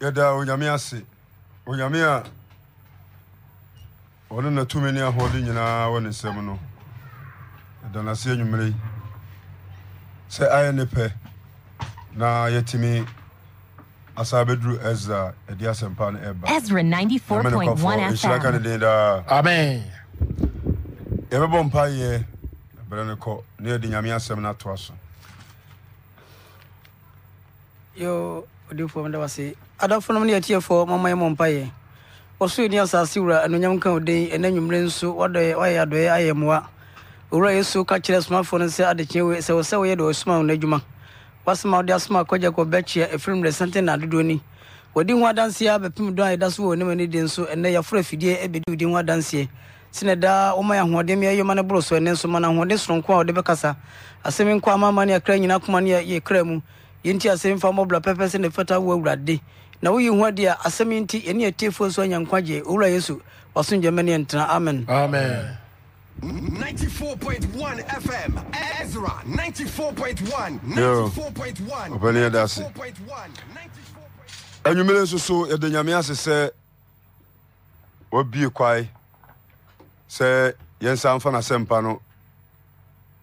yɛda onyame ase onyame a ɔne na tumi ne ahoɔden nyinaa wɔ ne nsɛm no yɛda no ase anwummere sɛ ayɛ ne pɛ na yɛtumi asa bɛduru ɛsra ɛde asɛmpa no ɛbaɛhyira ka ne den daa amen yɛbɛbɔ mpayɛ berɛ no kɔ na yɛde nyame asɛm no atoa so adafonom ne atiefoɔ mamaɛ mɔ mpayɛ ɔsoro ni asase wura anuonyam nka wo den ɛna nwummere nso wadɔyɛ wayɛ adɔeɛ ayɛ mmoa owura yesu ka kyerɛ somafoɔ no sɛ adekyeɛ wei sɛ wo sɛ woyɛ de ɔsoma wo no adwuma wasɛm wode asoma akɔgya kɔbɛkyea ɛfiri mmerɛ sɛnte na adodoɔ ni wɔdi ho adanseɛ a bɛpem dɔ a yɛda so wɔ ɔnim ani den so ɛnɛ yɛaforɔ afidie bɛdi wodi ho adanseɛ sine daa woma yɛ ahoɔden ma yɛyɛ ma no borɔ so ɛne nso ma no ahoɔden soronko a wɔde bɛkasa asɛm nkɔ ama ma ne akra nyina koma no yɛ mu yɛnti asɛm fa mmɔbra pɛpɛ sɛ ne fata wo awurade na woyi ho adeɛ asɛm nti yɛne atiefoɔ so anya nkwagye owura yesu wasomgyama ne yɛntena amen amen 94.1 FM Ezra 94.1 94.1 Obani adase nso so yɛde nyame ase sɛ wabie kwae sɛ yɛnsa mfa n'asɛmpa no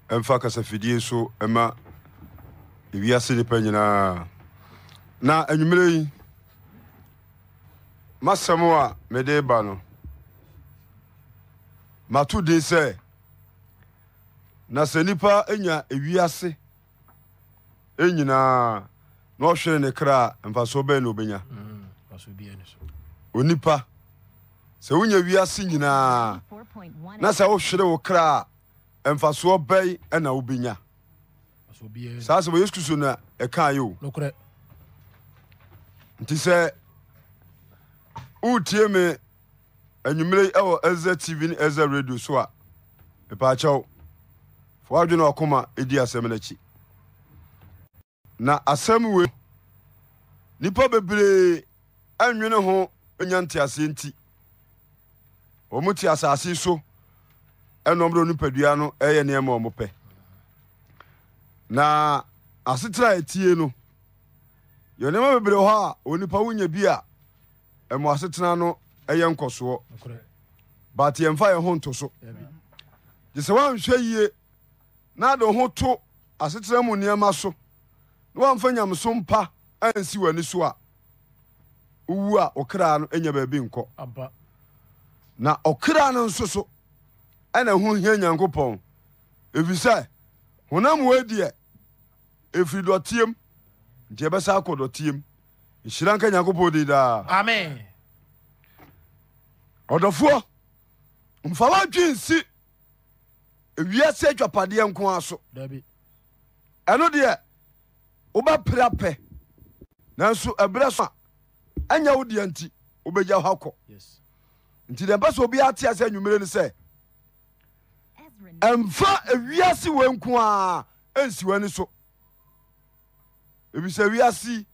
ɛmfa kasafidie so ɛma ewiase nipa nyinaa na anwumere yi masɛm a mede ba no mato din sɛ na sɛ nnipa anya ewiase ɛnyinaa na ɔhwere ne kra a mfasoɔ bɛɛ na obɛnya onipa sɛ wonya wiase nyinaa na sɛ wohwere wo kra a mfasoɔ bɛn ɛna wobɛnya saa sɛ bɔ yesu kristo no a ɛka nti sɛ woretie me anwummere ɛwɔ ɛzɛ tv ne ɛzɛ radio so a mepaakyɛw fa woadwene ɔkoma ɛdi asɛm no akyi na asɛm wei nnipa bebree anwene ho nya nteaseɛ nti wɔ mo te asase so ɛnɔmdɛ nipadua no ɛyɛ nneɛma ɔ mo pɛ na asetera ɛtie no yɛ nnoɛma bebree hɔ a onipa wonya bi a ɛmo asetena no ɛyɛ nkɔsoɔ but yɛmfa yɛn ho nto so gye sɛ woanhwɛ yie na ade ho to asetena mu nneɛma so na woamfa nyameso mpa ansi w'ani so a wowu a ɔkra no ɛnya baabi nkɔ na ɔkra no nso so ɛna ho hia nyankopɔn ɛfisɛ honam wei deɛ ɛfiri dɔteɛm nti ɛbɛsa akɔ dɔteɛm nhyira nka nyankopɔn di daa amen ɔdɔfoɔ mfa wadwe nsi ewiase adwapadeɛ nko a so ɛno deɛ wobɛpere apɛ nanso ɛberɛ so a ɛnyɛ wo deɛ nti wobɛgya hɔ akɔ nti deɛ ɛmpɛ sɛ obiara te ase anwummere no sɛ ɛmfa ewiase wɔ nko a ɛnsi w'ani so ebisɛ wiase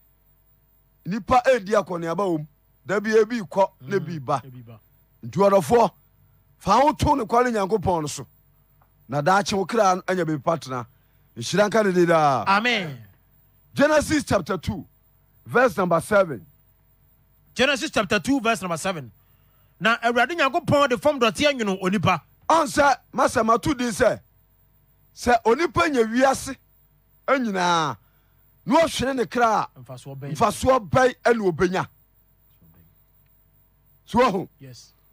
nipa ɛdi akɔneaba wɔ mu dabi ebi kɔ na ebi mm, ba nti ɔdɔfoɔ fa ho to ne kɔ ne nyankopɔn no so na daakye wo kra anya bɛbipa tena nhyira nka ne de daa amen genesis chapter two, verse number seven. genesis chapter two, verse number seven. na awurade nyankopɔn de fam dɔteɛ nwono onipa ɔn sɛ masɛmato din sɛ sɛ onipa nya wiase anyinaa na ɔhwere ne kra a mfasoɔ bɛn ɛne ɔbɛnya so wahu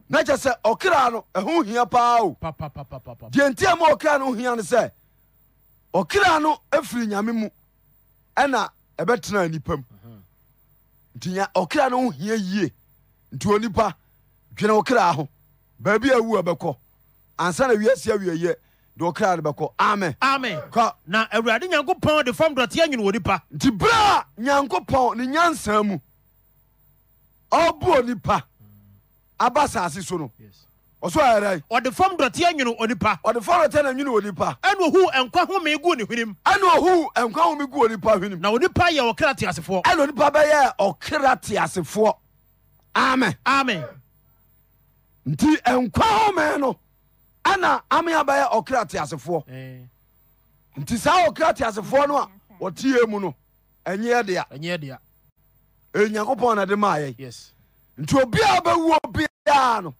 na kyɛ sɛ ɔkra no ɛho hia paa o deɛ nti a ma ɔkra no ho hia no sɛ ɔkra no afiri nyame mu ɛna ɛbɛtena nipa mu nti ɔkra no ho hia yie nti onipa dwene wo kra ho baabi a awu a bɛkɔ ansa na wiase deɛ ɔkra de bɛkɔ amen amen Kɔ. na awurade nyankopɔn de fam dɔteɛ nwene wɔ nipa nti berɛ a nyankopɔn ne nyansa mu ɔbuo nipa aba saase so no ɔso ayɛrɛ ɔde fam dɔteɛ nwene onipa ɔde fɔlɔ tɛ na nwene onipa ɛne ohuu ɛnkwa home guu ne hwenem ɛne ɔhuu nkwa home gu onipa hwenem na onipa yɛ ɔkra teasefoɔ ɛne onipa bɛyɛ ɔkra teasefoɔ amen amen nti nkwa home no ɛna ame abɛyɛ ɔkra teasefoɔ eh. nti saa ɔkra teasefoɔ no a ɔteyɛ mu no ɛnyɛ dea eh, nyankopɔn na de maayɛ nti obiaa bɛwuo biaa no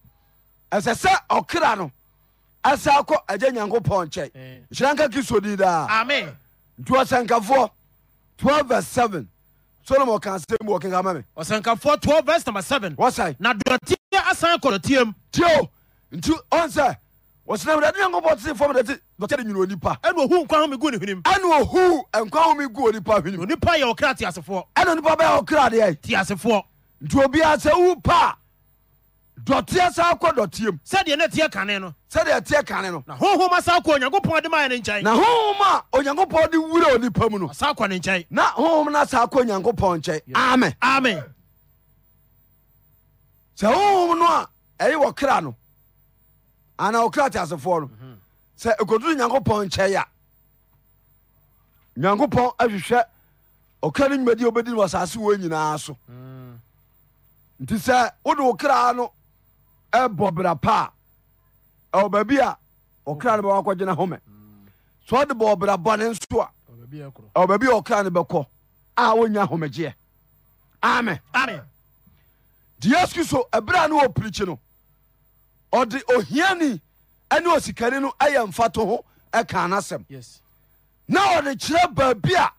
ɛsɛ sɛ ɔkra no ɛsa kɔ agya nyankopɔn nkyɛe eh. nhyira nka kristo din daa nti ɔsɛnkafoɔ 12:7 solomon ka asɛm bi wɔkenka ma me ɔsɛnkafoɔ 12:7 na dɔteɛ asan kɔ dɔteɛm tio nti ɔn sɛ wɔsena awurade nyankopɔn tee fam dɛte dɔkyɛ de nwini onipa ɛna ohu nkwa home gu ne hwenem ɛne ɔhu nkwa home gu onipa hwenem onipa yɛ ɔkra teasefoɔ ɛna onipa bɛyɛ ɔkra deɛ teasefoɔ nti obiaa sɛ wo pa a dɔteɛ saa kɔ dɔteɛ m sɛdeɛ na ɛteɛ kane no sɛdeɛ ɛteɛ kane no na honhom asa kɔ onyankopɔn de maɛ ne nkyɛn na honhom a onyankopɔn de wura onipa mu no asa kɔ ne nkyɛn na honhom no asa kɔ onyankopɔn nkyɛn amen amen sɛ honhom no a ɛyɛ wɔ kra no ana ɔkra te asefoɔ no sɛ ɛkoduru nyankopɔn nkyɛe a nyankopɔn ahwehwɛ ɔkra no nwumadi a wobɛdi no wɔsase wɔ nyinaa so nti sɛ wode wo kraa no ɛbɔ bra pa a ɛwɔ baabi a ɔkra no bɛwakɔgyena home so ɔde bɔ ɔbra bɔne nso a ɛwɔ baabi a ɔkra no bɛkɔ a wonya homegyeɛ amen nti yesu kristo ɛberɛ a ne wɔ pirikyi no ɔde ohiani ɛne osikani no ɛyɛ mfato ho ɛka n'asɛm na ɔde kyerɛ baabi a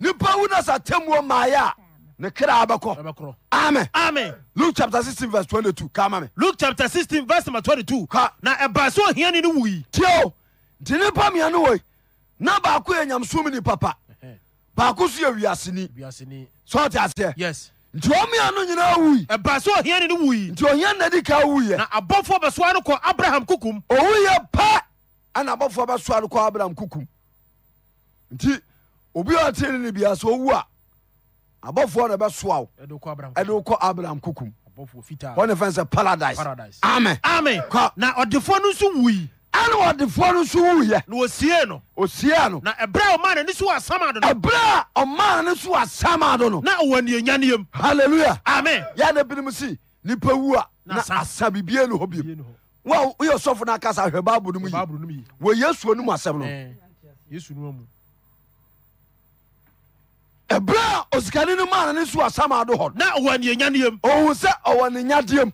nipa wu na sa tɛmuo maayɛ a ne kra bɛkɔ amen amen luke chapter sixteen verse twenty-two kama mi. luke chapter sixteen verse number twenty-two. ka na ɛbaa so ohiani no wuyi. tiɛ o nti nipa mmienu wɔ yi na baako yɛ nyamsum ni papa baako so yɛ wiaseni. wiaseni. sɔɔ ti aseɛ. yes nti ɔmea no nyinaa wui ɛba sɛ ɔhiane no wui nti ɔhia nna ka wuyɛ na abɔfoɔ bɛsoa no kɔ abraham kukum. owuyɛ pa, ana abɔfoɔ bɛsoa no kɔ abraham kukum nti obi a ɔtee ne no biaa sɛ ɔwu a abɔfoɔ na ɛbɛsoa wo ɛde wo abraham kukum ɔne fɛn sɛ paradise amen amen na ɔdefoɔ no nso wui saa ne no nso wuyɛ na wɔsiee no ɔsiea no na ɛberɛ a ɔmaa n'ani so wɔ asamado no ɛberɛ a ɔmaa ne so wɔ asamado no na ɔwɔ anianyaneɛm halleluya amen yɛda binom si nipa wu a na asa biribia ne hɔ biom wa woyɛ sɔfo no akasa hwɛ no mu yi wɔ yesuo no asɛm no ɛberɛ a osikane no maa nane so asamado hɔ na ɔwɔ anianyaneɛm ɔhu sɛ ɔwɔ ne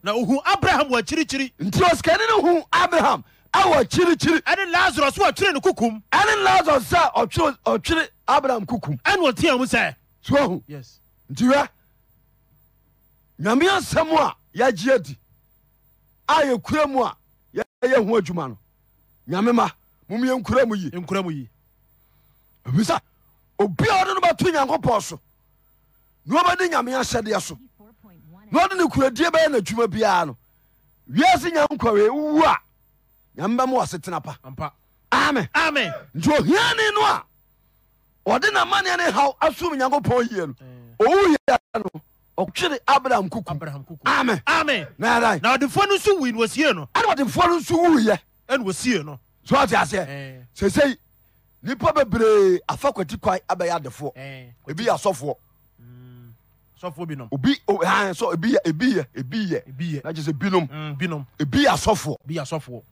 na ɔhu abraham wɔ akyirikyiri nti osikane no hu abraham ɛwɔ kyirikyiri ɛne lasarus wo ɔtwere ne kukum ɛne lasarus sɛ ɔtwere ɔtwere abraham kukum ɛne ɔtea mu sɛ so ahu nti hwɛ nyame asɛm a yɛagye adi a yɛkura mu a yɛyɛ ho adwuma no nyame ma momyɛnkura mu yi nkura mu yi ebisa obia ɔde no bɛto nyankopɔn so na wɔbɛde nyame ahyɛdeɛ so na ɔde ne kuradie bɛyɛ n'adwuma biara no wiase nyankwawe wu a nyame mu wɔ setena pa amen nti ohiani no a ɔde namanneɛ ne haw asom nyankopɔn yie no ɔwu eh. yɛ no ɔtwere abraham kuku amen na ɔdefoɔ no nso wui na wɔsie no ɛne ɔdefoɔ no nso wuyɛ ɛne wɔsie no so ɔte aseɛ eh. seisei nipa bebree afa kwati kwae abɛyɛ adefoɔ eh, ebi yɛ asɔfoɔ mm. sɔfoɔ binom obi ɛhan sɔ ebi yɛ ebi yɛ ebi yɛ na kyerɛ sɛ binom mm, binom ebi yɛ asɔfoɔ ebi yɛ asɔfoɔ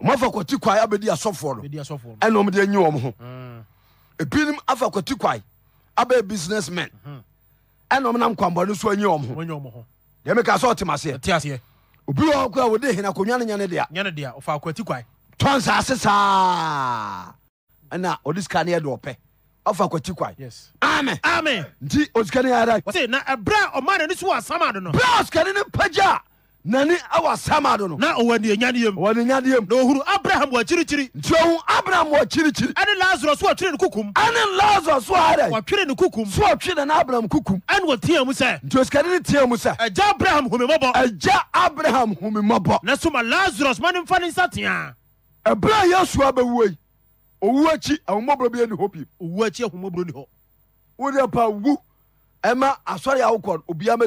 mafa kwati kwai abɛdi asɔfoɔ no ɛnomde nyi wɔm ho hmm. ebinom afa kwati kwai abɛyɛ business men ɛnom hmm. nam kwambɔne so anyi wɔm ho deɛ meka sɛ ɔtem aseɛ obi wɔ kora wode hena konwa no nyane dea tɔn saase saa ɛna ɔde sika ne yɛde ɔpɛ ɔfa kwati kwai amen amen nti osikane yɛra na ɛberɛ ɔma nani so wɔ asama do no berɛ osikane no pagya nani ɛwɔ sama do no. na ɔwɔ ni ɛnya ni yam. ɔwɔ ni ɛnya ni yam. na ohun abraham wɔ akyirikyiri. nti ohun abraham chiri? Ani ɛni lazarus wɔ twere kukum. Ani lazarus wɔ ayɛrɛ. wɔ chiri ne kukum. so chiri na abraham kukum. ɛni wɔ tiɲɛ mu sɛ. nti osikari ni tiɲɛ mu sɛ. ɛja abraham humimɔbɔ. ɛja abraham humimɔbɔ. na suma lazarus mɔni nfa ni nsa tiɲa. ɛbila yasu abɛwu yi owu akyi ahomoboro bi yɛ ni hɔ bi. owu akyi ahomoboro ni hɔ.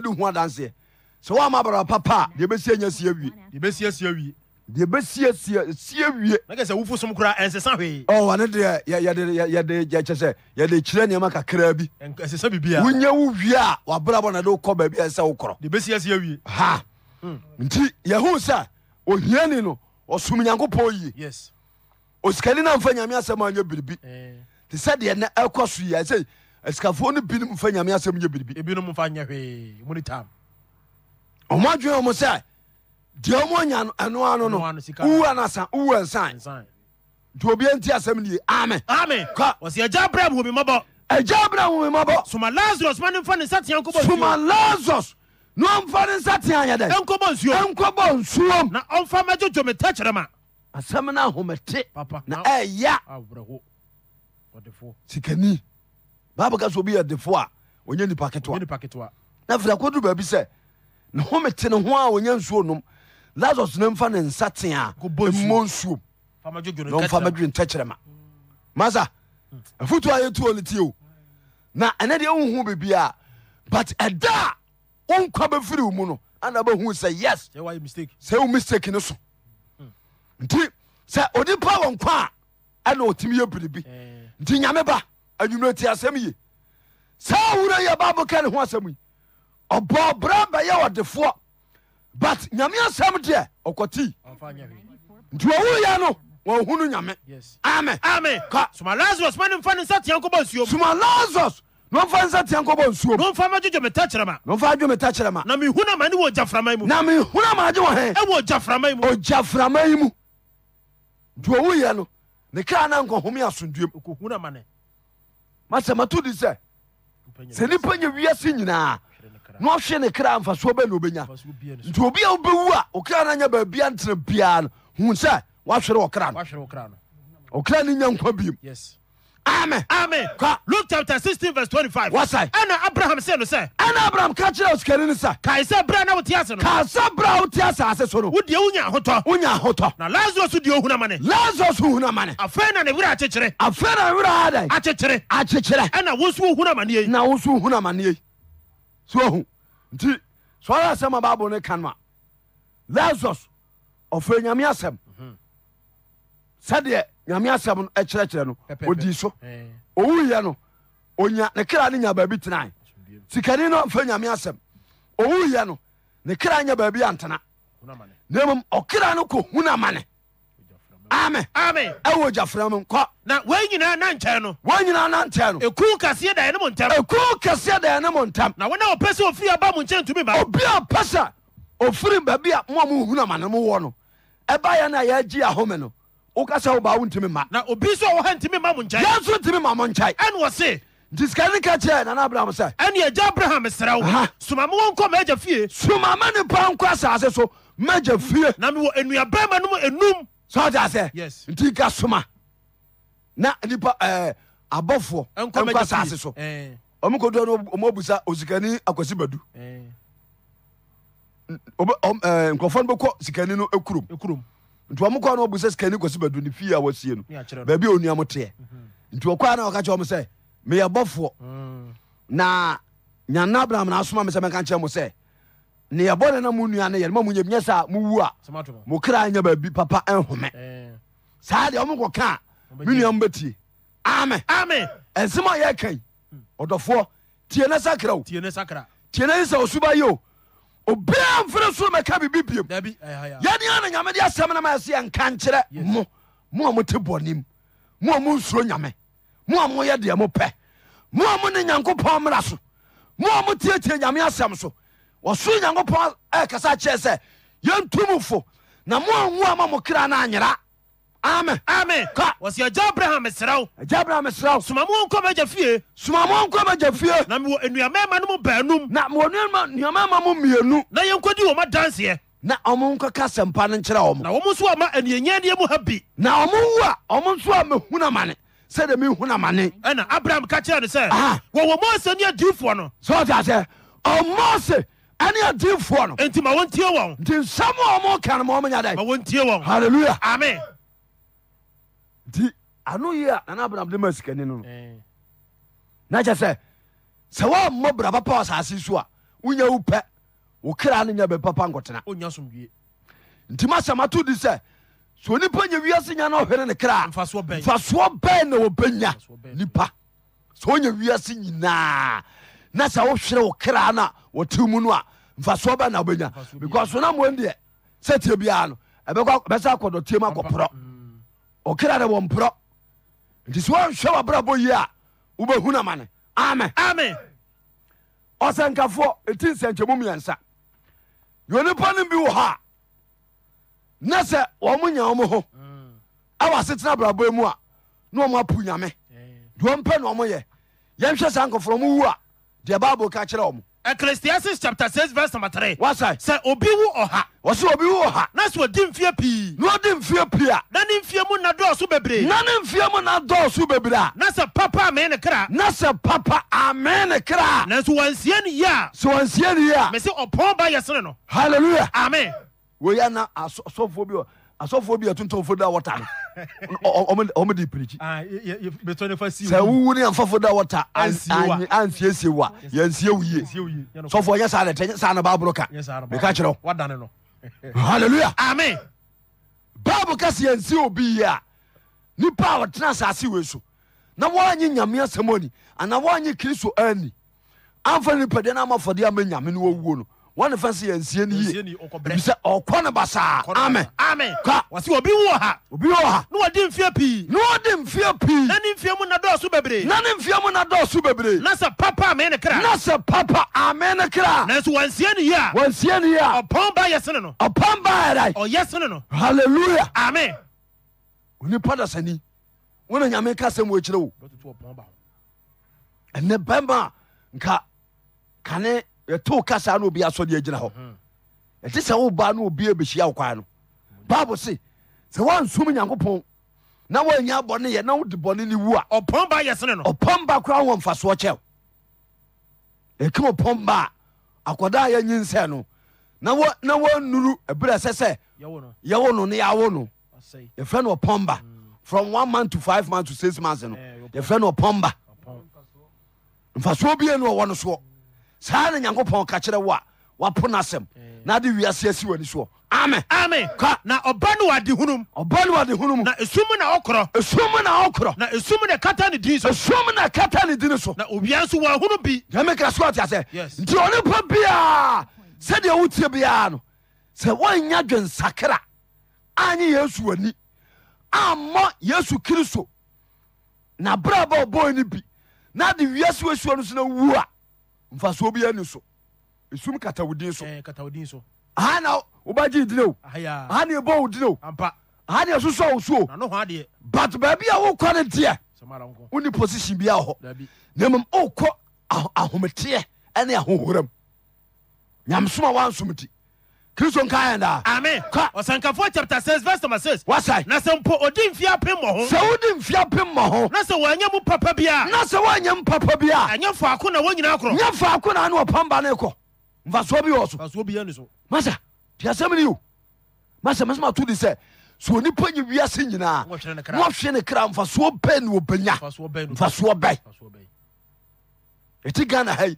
wọ́n sɛ woama abraba papa a deɛ bɛsie nya sie wie yɛbɛsiesie wie deɛ bɛsiesie sie wie na kɛ sɛ wofo som koraa ɛnsesa hwee ɔwɔ ne deɛ yɛ- yɛde yɛde yɛkyɛ sɛ yɛde kyerɛ nneɛma kakraa bi Ɛnk- ɛnsesa biribia wonyɛ wo wie a wabrabɔ na de wokɔ baabi a ɛsɛ sɛ wokorɔ de bɛsiesie wie ha hmm. nti yɛhu sɛ ohiani no ɔsom nyankopɔn yie yes osikani no mfa nyame asɛm anyɛ biribi Ɛɛ, eh. te sɛ deɛ nɛ ɛkɔ so yi ɛsɛ asikafoɔ no binom mfa nyame asɛm nyɛ biribi ebinom mfa nyɛ hwee mu ne tam ɔmo adwene ɔmo sɛ deɛ ɔmo anya ɛnoa no no wowu anasa wowu nsan obi obia nti asɛm nie amen ami kɔ wɔsi ɛgya abira mu omi mɔbɔ ɛgya abira mu omi mɔbɔ soma lazarus ma ne nfa ne nsateɛ nkɔbɔ nsuo soma lazarus na ɔmfa ne nsateɛ ayɛ dɛ nkɔbɔ nsuo nkɔbɔ nsuo na ɔmfa mɛdwodwo me tɛkyerɛma asɛm no ahomete na ɛya sikani bible ka sɛ obi yɛ defo a ɔnyɛ nipa ketewa na firi akoduru baabi sɛ ne home te ne ho a ɔnya nsuo nom lazarus na mfa ne nsa tea a mmɔ nsuom ɔmfa madwene ntɛkyerɛma masa afotu a yɛtuo no tie o na ɛnɛ deɛ wohu bebi a but ɛda a wonkwa bɛfiri wo mu no ana bɛhu sɛ yes sɛ wo mistake no so hmm. nti sɛ onipa wɔ nkwa a ɛna ɔtumi yɛ biribi eh. nti nyame ba anwummerɛ ti asɛm ye saa wura yɛ bible ka ne ho asɛm yi ɔbɔ bra bɛyɛ ɔdefoɔ but nyame asɛm deɛ ɔkɔtii nti ɔwuyɛ no wɔhunu nyame amen soma lazarus ma ne mfa ne nsa tea nkɔbɔ nsuom soma lazarus na ɔmfa nsa tea nkɔbɔ nsuom na ɔmfa ma dwodwo me takyerɛma na ɔmfa dwo me takyerɛma na mehunu amane wɔ gyaframa mu na mehunu amagye wɔ hɛ ɛwɔ gyaframa mu ogyaframa yi mu nti ɔwuyɛ no ne kra na nkɔhome asomdwam masɛ mato di sɛ sɛ nnipa nya wiase nyinaa na ɔhwe ne kra mfasoɔ bɛ na obɛnya nti obi a wobɛwu a okra no anya baabia ntena biaa no hu sɛ woahwere ɔkra no ɔkra no nya nkwa biom amen amen ka luke chapter sixteen verse twenty-five. wasa. ɛna abraham se no sɛ. ɛna abraham ka kyerɛ osikari ni sa. ka ɛsɛ bra na o ti ase no. ka ɛsɛ bra o ti ase ase so no. o deɛ o nya ahotɔ. o nya ahotɔ. na lazarus deɛ o hunamane. lazarus hunamane. afɛn na ne wura akyekyere. afɛn na ne wura ada yi. akyekyere. akyekyere. ɛna wosu hunamane ye. na wosu hunamane ye sohu nti sɔre asɛm a bible no ka no a lasarus ɔfrɛ nyame asɛm mhm. sɛdeɛ nyame asɛm no ɛkyerɛkyerɛ no odi so owuyɛ no onya ne kra no nya baabi tena sikani no ɔmfrɛ nyame asɛm owuyɛ no ne kra nya baabi antena na mmom ɔkra no kɔhunu amane amen amen ɛwɔ gyafra mu nkɔ na wɔn nyinaa na nkyɛn no wɔn nyinaa na nkyɛn no eku kɛseɛ da yɛ ne mo ntɛm eku kɛseɛ da yɛ ne mo ntɛm na wɔn a wɔpɛ sɛ ofiri aba mo nkyɛn tumi ba obi a pɛ sɛ ofiri baabi a mu a mu hun amane mo wɔ no ɛba yɛ na yɛagye ahome no wokasa wobaa wo ntumi ma na obi nso a wɔha ntumi ma mo nkyɛn yɛ nso ntumi ma mo nkyɛn ɛne wɔ se nti sika ne ka nana abraham sɛ ɛne agya abraham serɛ wo soma me wɔnkɔ m'agya fie soma ma so m'agya fie na mewɔ enuabarima no mu enum sotase nti ka suma na nipa abɔfoɔ nka sase so eh. ɔmkɔdɔmɔbusa osikani akwasi badu eh. eh, nkurɔfoɔ no bɛkɔ sikani no kurom nti ɔmokɔ no ɔbusa sikani akwasi badu ne fie a wasie no beebi a onua mo teɛ mhm. nti ɔkɔa na ɔka kyɛ ɔm sɛ meyɛ bɔfoɔ mm. na nyana bramana asoma me sɛ mɛka kyerɛ mo sɛ ne yɛbɔ ne na mu nua no yɛnma mu yɛ nyɛ sɛ mowu a mo kra nyɛ baabi papa nhome saa deɛ ɔmo kɔka a me nua m Amen. ame ɛnsɛm a yɛka ɔdɔfoɔ tie ne sakra o tie ne yi sɛ ɔsuba yi o obiaa mfere soro mɛka bibi biom yɛnea na nyame de asɛm na ma ɛsɛ yɛnka nkyerɛ mo mo a mote bɔnem mo a monsuro nyame mo a moyɛ deɛ mopɛ mo a mo ne nyankopɔn mmara so mo a motiatie nyame asɛm so wɔsoro nyankopɔn ɛkasa kyerɛ sɛ yɛntum fo na moanwu a ma mo kra no anyera amen amen ka wɔsi agya abraham serɛw agya abraham serɛw soma mo nkɔ m'agya fie soma mo nkɔ m'agya fie na mewɔ anuamɛma no mu baanum na mewɔ nnuamɛma mo na yɛnkɔdi wɔ ma danseɛ na ɔmo nkɔka asɛmpa no nkyerɛ ɔmo na ɔmo nso ama anianyanneɛ mu ha bi na ɔmo wu a ɔmo nso a mahu na mane sɛdeɛ na abraham ka kyerɛ no sɛ wɔwɔ mose ne adiifoɔ no sɛ ɔte asɛ ɔmose ɛne adiifoɔ no enti ma wɔntie wɔn nti nsɛm a ɔmo ka no ma ɔmo nya ma wɔntie wɔn halleluya amen nti ano yi a nana abraham de ma sikani no eh. na kyɛ sɛ sɛ woammɔ bra papa wɔ asase so a wonya wo pɛ wo kra no nya bɛ papa nkɔtena ɔnya somdwie nti masɛm ato di sɛ sɛ onipa nya wiase nya na ɔhwere ne kra bɛn na wɔbɛnya nipa sɛ onya wiase nyinaa na sɛ wohwere wo kra no wɔte mu no a mfasoɔ bɛ na wobɛnya because na mmom deɛ sɛ tie biara no ɛbɛsa akɔdɔtie mu akɔporɔ ɔkra mm. de wɔ mporɔ nti sɛ woanhwɛ wabrabɔ yie a wobɛhu no mane amen amen ɔsɛnkafoɔ ɛti nsɛnkyɛmu mmiɛnsa yonipa no bi wɔ hɔ a na sɛ wɔn mo nya wɔn ho awɔ mm. asetena abrabɔ mu a na wɔn apu nyame deɛ wɔn pɛ na wɔn yɛ yɛn hwɛ saa nkɔfoɔ wɔn wu a deɛ bible ka kyerɛ ɔmo ecclesiastes chapter six verse number three. wasae sɛ obi wo ɔha wɔsɛ obi wo ɔha na sɛ ɔdi mfeɛ pii na ɔde mfeɛ pii a na ne mfeɛ mu na dɔɔso bebree na ne mfeɛ mu na dɔɔso bebree a na sɛ papa amee ne kra na sɛ papa amee ne kra a nanso wansie ne yie a sɛ wansie ne yie a mese ɔpɔn ba yɛ sene no halleluya amen wei ana asɔfoɔ bi asɔfoɔ bi atontomfoɔ da wɔta no ɔmo de pirikyi sɛ wowu ne yɛmfafo da wɔta ansiesie wo a yɛnsie wo yie sɔfo ɔnyɛ saa dɛtɛ saa na baaboro ka meka kyerɛ wo Hallelujah. amen bible kasi sɛ yɛnsie obi yie a nipa a ɔtena asase wei so na wɔanye nyame asɛm ani anaa wɔanye kristo ani amfa no nipadeɛ no amafɔdeɛ ama nyame no wɔwuo no wọn fɛn sɛ yɛ nsie ni yie sɛ ɔkɔ ne basaa amen amen ka wasi obi wɔ ha obi wɔ ha ne wɔdi nfiɛ pii ne wɔdi nfiɛ pii na ne nfiɛ mu na dɔɔso bebree na ne mu na dɔɔso bebree na papa amen ne kra na papa amen ne kra nanso wɔn nsie ni yie a wɔn nsie ni yie a ɔpɔn ba yɛ sene no ɔpɔn ba yɛ dai ɔyɛ sene no hallelujah amen onipa dasani wɔn na nyame ka sɛ mu ekyirɛ wo ɛnɛ bɛn ba nka kane yɛtoo kasa na obi asɔdeɛ gyina hɔ mhm. ɛte sɛ woba na obi abɛhyia wo kwan no bible se sɛ woansom nyankopɔn na woanya bɔne yɛ na wode bɔne no wu a ɔpɔn ba yɛ sene no ɔpɔn ba koraa wɔ mfasoɔ kyɛw ɛkim ɔpɔn ba akɔda a yɛnyi nsɛ no na wɔnnuru ɛberɛ ɛsɛ sɛ yɛwo no ne yɛawo no yɛfrɛ no ɔpɔn ba mm. from one month to five months to six months no eh, yɛfrɛ no ɔpɔn ba mfasoɔ bie no ɔwɔ no soɔ saa na nyankopɔn ka kyerɛ wo a wapo no asɛm na de wiase asi w'ani soɔ amen amen ka na ɔba no wɔ adehunum ɔba no wɔ adehunum na esum na ɔkorɔ esum na ɔkorɔ na esum na ɛkata ne din so esum na ɛkata ne din so na obia nso wɔahunu bi dɛmɛ kra so ɔte asɛ nti ɔnipa biaa sɛdeɛ wotie biaa no sɛ woanya dwensakra anye yesu ani ammɔ yesu kristo na berɛ a bɔ bi na de wiase wasuo no so na wu mfasoɔ bi ani so ɛsum katawodin so eh, so aha na ji wobagye o aha ne ɛbɔ wo dineo aha na ɛsosɔ wo suo but baabi a wokɔ no deɛ woni position bi a hɔ na mmom wokɔ ahometeɛ ne ahohoram nyamesoma woansom ti kristo nka yɛn daa. ami ka ɔsankafo chapter six verse number six. wasa yi. na sɛ mpo odi nfiya pe mɔ ho. sɛ odi nfiya pe mɔ ho. na sɛ wɔn nyɛ mu papa bia. na sɛ wɔn nyɛ mu papa bia. a nyɛ faako na wɔn nyinaa korɔ. nyɛ faako na anu ɔpamba ne kɔ nfasuo bi wɔ so. nfasuo bi yɛ ni so. masa tiasɛm ni o masa masa ma tu di sɛ so nipa yi wiase nyinaa wɔhwɛ ne kra nfasuo bɛɛ ni o bɛ nya nfasuo bɛɛ. eti ghana ha yi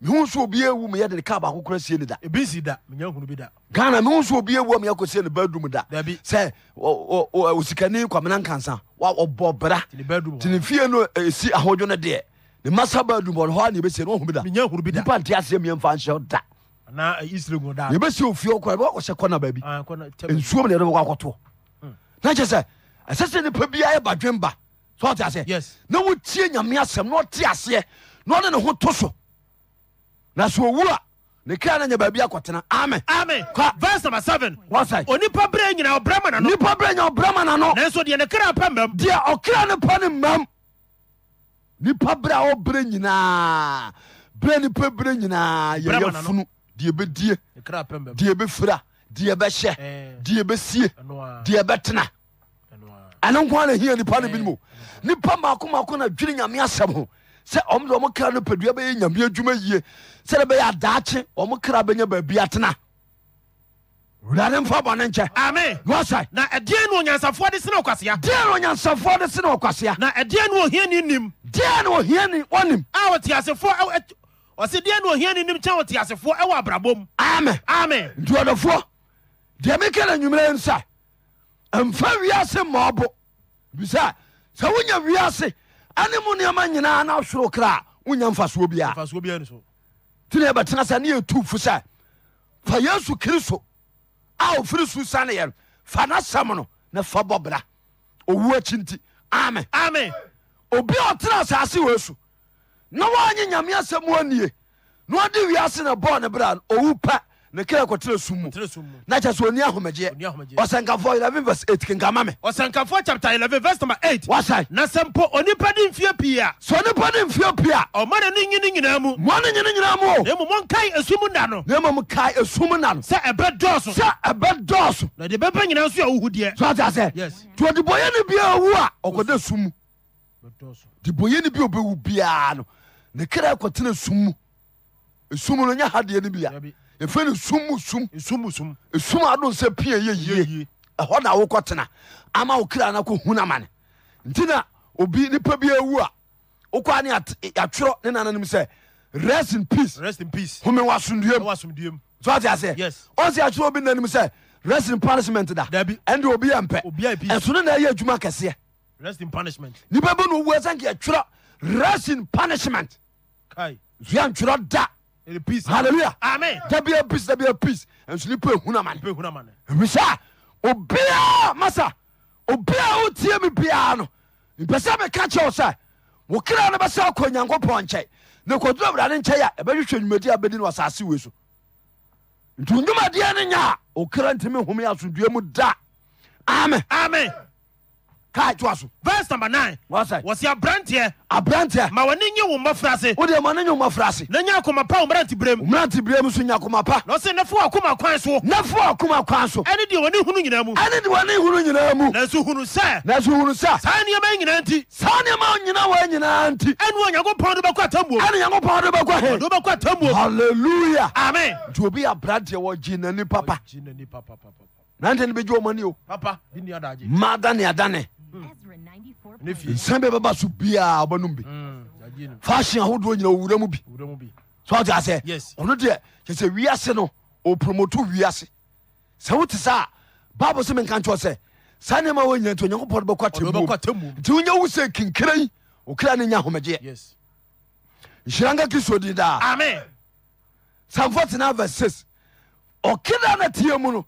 mehu so obi awu meyɛde ne kaa baako kora sie ne da ebi si da menya hunu bi da ghana mehu so obi awu a meyɛkɔsie ne badum da Dabi. sɛ ɔ- ɔ- ɔ- osikani kwamena nkansa wa ɔbɔ bra Nti ne badum hɔ. nti ne fie no ɛsi e, ahodwo no deɛ ne masa badum ɔno hɔ a ne yɛbɛsie no ɔhu bi da menya hunu bi da nipa nte aseɛ miɛmfa nhyɛ wo da ana isre gu da yɛbɛsie ofie wɔ kora bɛkɔhyɛ kɔna baabi Ah, kɔ na- tɛm- nsuom ne yɛde bɛkɔ akɔtoɔ hmm. na kyɛ sɛ ɛsɛ sɛ nipa biaa yɛba dwen ba sɛ ɔte aseɛ yes na wotie nyame asɛm na ɔte aseɛ na ɔne ne ho to so na sɛ owu a ne kra no nya baabi akɔtena amen berɛ nyina ma ɔbrama na no ne kra ɔkra no pa ne mam nipa berɛ a ɔbrɛ nyinaa berɛ nipa berɛ nyinaa Brɛ ma funu deɛ bɛdie ne kra deɛ bɛfira deɛ bɛhyɛ deɛ bɛsie deɛ bɛtena ɛno nko ara na hia nipa no binom o. nipa maako maako na dwene nyame asɛm ho sɛ ɔm de ɔmo kra no padua bɛyɛ nyame adwuma yie sɛde bɛyɛ adaakye ɔmo kra bɛnya baabi atena wurade mfa bɔne nkyɛ ame wasa na ɛdeɛ no onyansafoɔ de sene ɔkwasea deɛ na onyansafoɔ de sene ɔkwasea na ɛdeɛ no ohiani nim deɛ na ohiani ɔnim a ɔteasefoɔ ɔse deɛ na ohiani nim kyɛn ɔteasefoɔ ɛwɔ abrabɔm ame ame ntuɔdɔfoɔ deɛ meka na nwummerɛ nsa mfa wiase ma ɔbo bisa sɛ wonya wiase ɛne mu nneɛma nyinaa na asoro kra wonya mfasoɔ biaa ntine yɛbɛtena sɛ ne yɛtu fo sɛ fa yesu kristo a ofiri su sane no fa n'asɛm no na fa bɔ bra owuo akyi nti amen amen obi a ɔtena asase wɔ su na wɔanye nyame asɛm mu anie na ɔde wiase na bɔɔ ne bra owu pɛ ne kra kɔtera sum mu na kyɛ sɛ ɔni ahomegyeɛ ɔsɛnkafoɔ 11 vs 8 kenkama me ɔsɛnkafoɔ chapter eleven verse number eight. wasae na sɛ mpo onipa de mfie pii a sɛ onipa de mfie pii a ɔma ne ne nyine nyinaa mu ma ne nyine nyinaa mu na mmom ɔnkae asum nna no na mmom kae asum nna no sɛ ɛbɛdɔɔso sɛ ɛbɛdɔɔso na de bɛbɛ nyinaa nso a wohu deɛ so ate asɛ nti ɔde bɔyɛ no bia wu a ɔkɔda sum mu de bɔyɛ no bi ɔbɛwu biaa no ne kra kɔtena sum mu sum no nyɛ hadeɛ no bia yɛfɛ no summusum ɛsum ado sɛ pia yɛyie ɛhɔ na wokɔ tena ama wo kra na kɔhu no ni nti na obi nipa bi awu a wokɔa ne atwerɛ ne nananom sɛ rest in peace wa wa wɔ asomduam so ate Yes. ɔnse atwerɛ obi nanim sɛ rest in punishment da ɛnde obi yɛ mpɛ ɛso no na ɛyɛ adwuma kɛseɛ nipa bi na owua sɛ nka yɛtwerɛ rest in punishment Kai. so yɛntwerɛ da Hallelujah. halleluya da a peace da a peace nso nipa ehun amane ebisa obiara masa obiara otie mi biara no mpɛsɛ meka kyɛw sɛ wo kra no bɛsɛ kɔ nyankopɔn nkyɛe na kɔduru awurade nkyɛe a ɛbɛhwehwɛ dwumadi a bɛdi no asase wei so nti ndwumadeɛ no nya a okra ntimi home asomdua mu da amen amen kaa to a so verse number nine wɔsɛ wɔsi aberanteɛ aberanteɛ ma wɔne nye wo mmɔfra ase wode ma ne nye wo mmɔfra ase na nya akoma pa wo mmerante berɛ mu mmerante berɛ mu so nya akoma pa na ɔse nafa wɔ akoma kwan so nafa wɔ akoma kwan so ɛne deɛ wɔne hunu nyinaa mu ɛne deɛ wɔne hunu nyinaa mu nanso hunu sɛ nanso hunu sɛ saa nneɛma yi nyinaa nti saa nneɛma nyinaa wɔ nyinaa nti ɛne onyankopɔn de bɛkɔ atammuo ɛne onyankopɔn de bɛkɔ he de bɛkɔ atammuo hallelujah amen nti obi aberanteɛ wɔgye n'ani papa papa papa nante ni bɛgye ɔmani o Papa. mada ne adane nsan bɛɛ bɛba so biaa wobɛnom bi hmm. fashion ahodoɔ nyina owura mu bi so wote asɛ ɔno deɛ kyɛ sɛ wiase no ɔpromoto wiase sɛ wote sa a bible sɛ menka nkyɛw sɛ saa nneɛma wɔnyina nti onyankopɔn no bɛkɔ atemmuom nti wonya wo sɛ kinkra yi okra no nya ahomegyeɛ nhyira nka kristo din daa amen psalm 49 verse 6 ɔkeda no teɛ mu no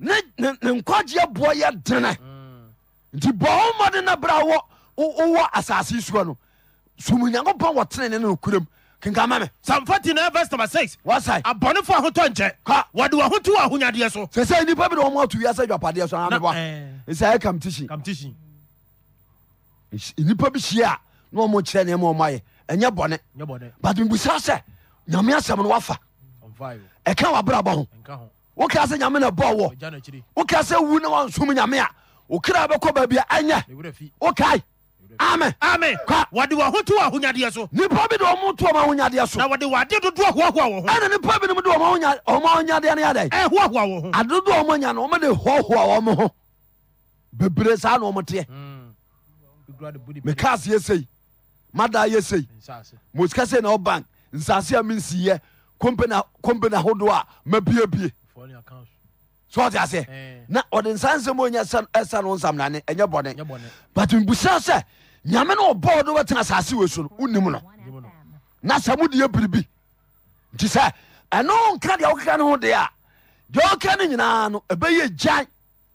ne nkwagyeɛ boɔ yɛ dene hmm nti bɔ omade no brɛ wowɔ asase y sua no somu nyankopɔn wɔtenene no nokuram kenkama me psalm 49 verse number 6 wasae abɔnefo ahotɔ nkyɛ wɔde wɔhoto wɔ ahonyadeɛ so sɛ sɛ nnipa bi de wɔm ato wiasɛ dwapadeɛ so anadeba ɛsɛ kamtihi nnipa bi hyie a na ɔmo kyerɛ nneɛma ɔmayɛ ɛnyɛ bɔne but mbusa sɛ nyame asɛm no wafa ɛka wabrabɔ ho wokaa sɛ nyame na bɔ wɔ wokaa sɛ wu na wansom nyame a okra bɛkɔ baabia ɛnyɛ wokae amen amen kwa wadi wa hutu wa wɔn ahonyadeɛ so nipa bi de wɔn to wɔn ahonyadeɛ so na wadi wa ade dodoɔ hoahoa wɔn ho ɛna nipa bi nom de wɔn ahonya wɔn ahonyadeɛ no yɛ dɛ ɛɛ hoahoa wɔn ho adodoɔ wɔn nya no wɔn de hoahoa wɔn ho bebree saa na wɔn teɛ hmm. mekaase yɛ sei mada yɛ sei mosika sei na ɔbank nsaase a mi nsi yɛ kompani ahodoɔ a mabiebie so ɔte eh. ase na ɔde nsa nsɛm ɔnya ɛsa no nsam nane ɛnyɛ bɔne but mbusa sɛ nyame no ɔbɔɔ no wɔtena asase wɔ so no wonim no na sɛ modeɛ biribi nti sɛ ɛno nka deɛ wokeka no ho deɛ a deɛ ɔka no nyinaa no ɛbɛyɛ gyan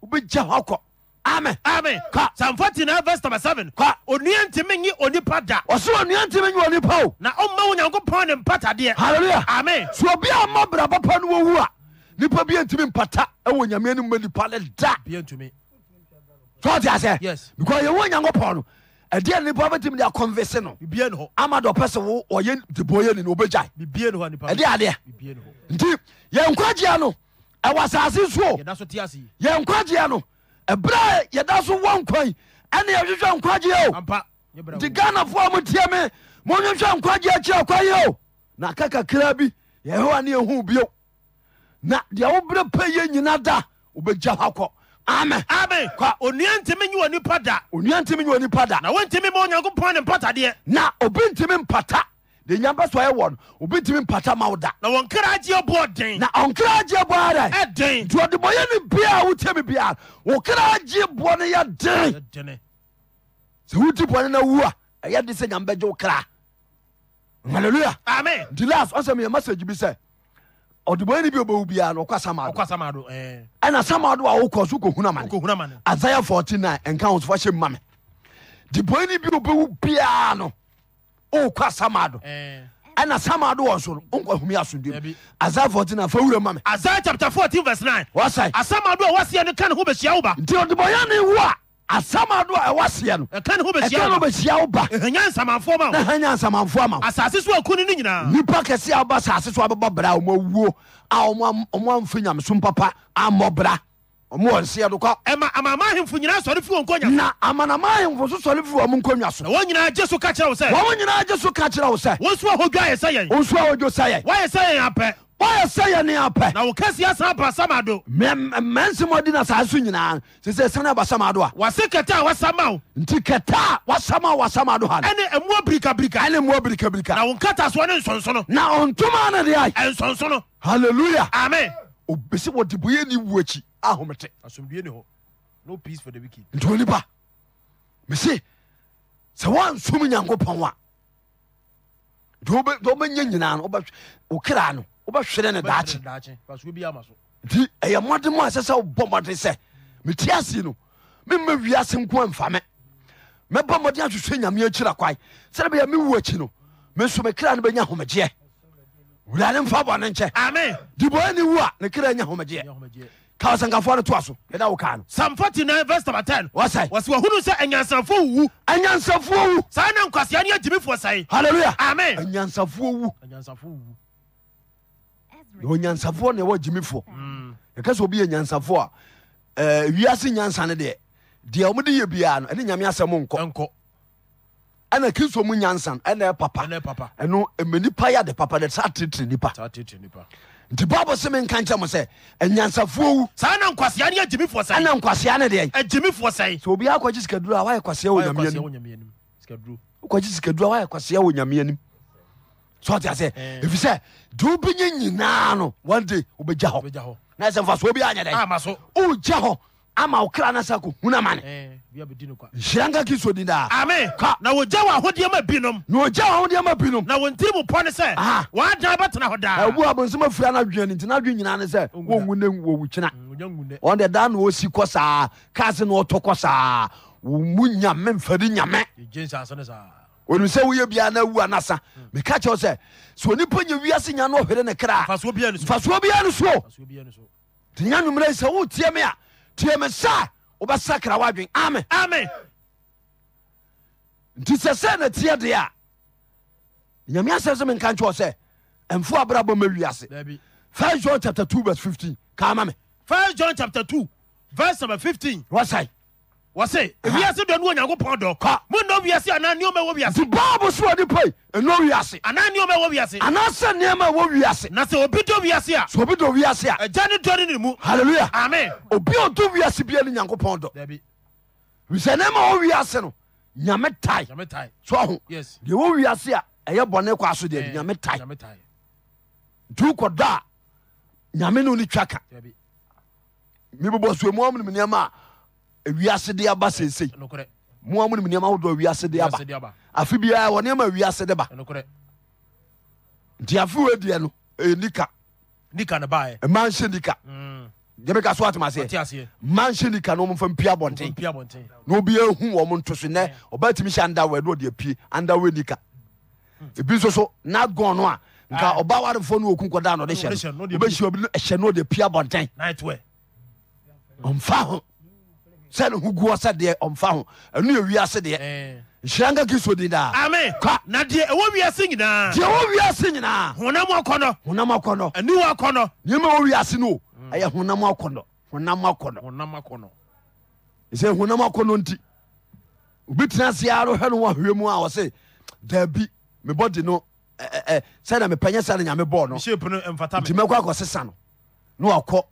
wobɛgya hɔ kɔ amen. amen. ka psalm forty verse number seven. ka onua ntumi nyi onipa da. ɔsoro onua ntumi nyi onipa o. na ɔmma onyankopɔn ne mpatadeɛ. hallelujah. amen. sɛ obi a ɔmma brabɔ pa no wɔwu a nipa bia ntimi mpata ɛwɔ nyame anim ma nipa le da sɔɔte asɛ because yɛwɔ nyankopɔn no ɛdeɛ nipa bɛtumi de akɔnvese no ama dɛ ɔpɛ sɛ wo ɔyɛ deboyɛ ni no obɛgyae ɛdeɛ adeɛ nti yɛnkwagyeɛ no ɛwɔ asase so yɛnkwagyeɛ no ɛberɛ a yɛda so wɔ nkwan ɛne yɛhwehwɛ nkwagyeɛ o nti ghanafoɔ a motie me monhwehwɛ nkwagyeɛ kyerɛ kwaye o na aka kakraa bi yɛhɛwa ne yɛhu bio na deɛ woberɛ pɛ yɛ nyina da wobɛgya ha kɔ amen amen kwa onua ntimi nyi wɔ nipa da onua ntimi nyi wɔ nipa da na wontimi ma onyankopɔn ne mpatadeɛ na obi ntimi mpata de nyampa so ɛwɔ no obi ntimi mpata ma wo da na wɔn kra agye bɔ den na ɔnkra agye bɔ ada ɛden nti ɔde bɔyɛ ne bia a wotie me bia wo kra agye bɔ no yɛ den sɛ woti bɔne no wu a ɛyɛ de sɛ nyame wo kra halleluya amen Di last ɔsɛ mi message bi sɛ ɔdebɔni bi obɛwu biara no ɔkɔ asamado ɛna asamado eh. a wokɔ so kɔhunu amane isaia 49 ɛnka ho so fa hyɛ mma me debɔni bi obɛwu biara no wokɔ asamado ɛna eh. samado wɔ so no wonkɔhumi asomdwe isaia 49 fa wura ma me isaia chapter 14 verse 9 wɔsɛe asamado a wɔseɛ no ka ne ho bɛhyia wo ba nti ɔdebɔyɛ ne wo a asama do a ɛwɔ seɛ no ɛka ne ho bɛhyia wo ba ɛhanya nsamanfoɔ ma na ɛhanya nsamanfoɔ ama asase so aku no no nyinaa nnipa kɛse a woba asase so abɛbɔ bra a ɔmawuo a ɔmo amfa nyamesom papa ammɔ bra ɔmo wɔ nseɛ do kɔ ɛma amama nyinaa sɔre fi wɔn nkɔnya na amanama ahemfo so sɔre fi wɔ mo so na wɔn nyinaa gye so ka kyerɛ wo sɛ wɔn nyinaa gye so ka kyerɛ sɛ wɔn so ahodwa ayɛ sɛ yɛn wɔn so ahodwa sɛ yɛn wɔyɛ sɛ yɛ ne apɛ na wokɛseɛ san ba samado mɛnsi mɔdi na saa so nyinaa sɛsɛ sane ba samado a wase kɛtɛ a wasama o nti kɛtɛ a wasama wasamado ha ɛne ɛmoa birikabirika ɛne mmoa birikabirika na wo nkata soɔ ne nsonsono na ɔntoma no deɛ ɛnsonsono halleluya amen obɛsi wɔde boyɛ ni wu akyi ahomete asomdue ne hɔ no peace for the wicked nti onipa mese sɛ woansom nyankopɔn a deɛ wobɛnya nyinaa no wokra no wobɛhwere ne daakye nti ɛyɛ mmɔde mu a ɛsɛ sɛ wobɔ mmɔden sɛ meti ase no memma wiase nko amfa me mɛbɔ mmɔden ahwehwɛ nyame akyira kwae sɛde bɛyɛ mewu akyi no menso mekra no bɛnya homegyeɛ wurade mfa bɔne nkyɛ dibɔɛ ne wu a ne kra nya homegyeɛ kawasankafoɔ no toa so yɛda wo kaa no sam 49 vs 10 wɔsɛe wɔsɛ wahunu sɛ anyansafoɔ wuwu anyansafoɔ wu saa na nkwaseɛ ne agyimifoɔ sɛe halleluya amen anyansafoɔ wu yɛwɔ nyansafoɔ na ɛwɔ gyimifoɔ mm. yɛka sɛ obi yɛ nyansafoɔ a wiase nyansa no deɛ deɛ wɔmde yɛ biara no ɛne nyame asɛm nkɔ ɛna kristo mu nyansa no ɛna ɛpapa ɛno ɛma nipa yɛ ade papa de saa tetere nipa nti bible se menka nkyerɛ mo sɛ anyansafoɔ wu saa na nkwasea ne agyimifoɔ sɛ ɛna nkwasea ne deɛ agyimifoɔ sɛe sɛ obiaa kɔgye sikaduro a wayɛ kwasea wɔ nyameanim wokɔgye sikaduro a wayɛ kwasea wɔ nyameanim sɛ ɛfisɛ de wobɛnya nyinaa no one day wobɛgya hɔ na sɛ mfa ah, so obi anyɛ dɛ wogya hɔ ama wo kra no sa kohuna ma ne nhyira nka kristo din daa ame na wɔgya wɔ ahodeɛ ma binom na wɔgya wɔ ahodeɛ ma binom na wɔntiri mu pɔ ne sɛ wɔadan bɛtena hɔ daa ɛbu abonsɛm afira no adwene no nti no adwe nyinaa ne sɛ wɔnwu ne wɔwu kyena si mm, de daa na wɔsi kɔ saa kaa se na wɔtɔ kɔ saa wɔmu nyame mfade nyame onim sɛ woyɛ bia na wu anasa meka kyɛw sɛ sɛ onipa nya wiase nya no ɔhwere ne kraa mfasoɔ bia no soo nti nya nwummerɛ sɛ wotie me a tie me sa wobɛsa kra woadwen ame ame nti sɛ sɛ na tie deɛ a nyame asɛm sɛ menka nkyɛw sɛ ɛmfo abrabɔ ma wiase 1 john chapter 2 vs 15 kama me 1 john chapter 2 vs 15 wasae wɔse ewiase ah. dɔ ne wɔ nyankopɔn dɔ monnɔ wiase anaa nneɔma ɛwɔ wiase nti bible so wɔde pai ɛnɔ wiase anaa nneɔma ɛwɔ wiase anaasɛ nneɛma ɛwɔ wiase na sɛ obi dɔ wiase a sɛ obi dɔ wiase a agya ne dɔ ne ne mu halleluya amen obi a ɔdɔ wiase bia ne nyankopɔn dɔ sɛ nneɛma ɛwɔ wiase no nyame tae so aho deɛ ɛwɔ wiase a ɛyɛ bɔne kɔ aso deɛ eh, nyame tae nti wokɔdɔ a nyame ne wo ne twa ka mebobɔ suamuamnom nneɛma a wiase de aba seesei moa mu nim nneɛma ahodoɔ wiase de aba afe biara wɔ nneɛma wiase de ba nti afe wei deɛ no ɛyɛ nika ma nhyɛ nika mm. yɛmeka so atem aseɛ ma nhyɛ nika na ɔmfa mpia abɔnten na obiaa hu wɔ mo nto so nɛ mm. ɔbɛtumi hyɛ andawe na ɔde apue andawe nika mm. ebi nso so nadgon no a nka ah. ɔba warefoɔ no wɔku nkɔda na ɔde hyɛ no wobɛhyɛ obi no ɛhyɛ no ɔde apue abɔnten ɔmfa ho sɛne ho guɔ sɛ deɛ ɔmfa ho ɛno yɛ wiase deɛ nhyira nka kristo din daa ame ka na deɛ ɛwɔ wiase nyinaa deɛ ɛwɔ wiase nyinaa honam akɔnnɔ honam akɔnnɔ aniwa akɔnnɔ nneɛma ɛwɔ wiase no o ɛyɛ honam akɔnnɔ honam akɔnnɔ ɛsɛ honam akɔnnɔ nti obi tena ase ara hwɛ no wahwɛ mu a ɔse daabi me bɔdi no sɛdeɛ mepɛnyɛ sɛdeɛ nyame bɔɔ no nti mɛkɔ akɔsesa no na wakɔ